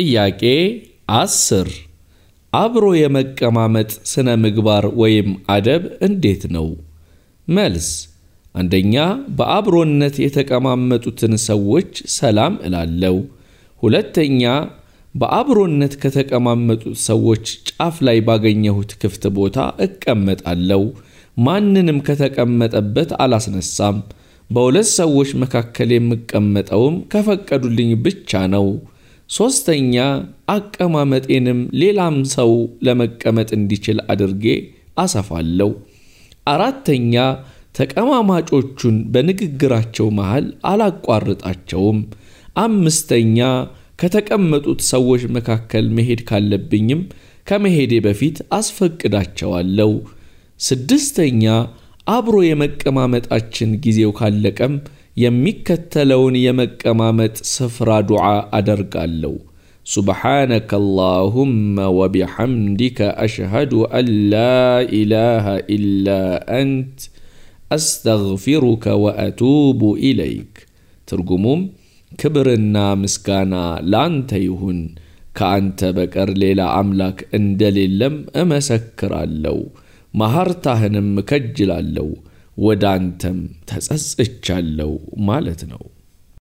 ጥያቄ አስር አብሮ የመቀማመጥ ስነ ምግባር ወይም አደብ እንዴት ነው? መልስ አንደኛ በአብሮነት የተቀማመጡትን ሰዎች ሰላም እላለው። ሁለተኛ በአብሮነት ከተቀማመጡት ሰዎች ጫፍ ላይ ባገኘሁት ክፍት ቦታ እቀመጣለው። ማንንም ከተቀመጠበት አላስነሳም። በሁለት ሰዎች መካከል የምቀመጠውም ከፈቀዱልኝ ብቻ ነው። ሦስተኛ አቀማመጤንም ሌላም ሰው ለመቀመጥ እንዲችል አድርጌ አሰፋለሁ። አራተኛ ተቀማማጮቹን በንግግራቸው መሃል አላቋርጣቸውም። አምስተኛ ከተቀመጡት ሰዎች መካከል መሄድ ካለብኝም ከመሄዴ በፊት አስፈቅዳቸዋለሁ። ስድስተኛ አብሮ የመቀማመጣችን ጊዜው ካለቀም የሚከተለውን የመቀማመጥ ስፍራ ዱዓ አደርጋለሁ። سبحانك اللهم وبحمدك أشهد أن لا إله إلا أنت أستغفرك وأتوب إليك ترجموم كبرنا مسكانا لانت يهن كأنت بكر ليلة عملك إن دليل لم أمسكر اللو مهرتهن مكجل اللو ወደ አንተም ተጸጽቻለሁ ማለት ነው።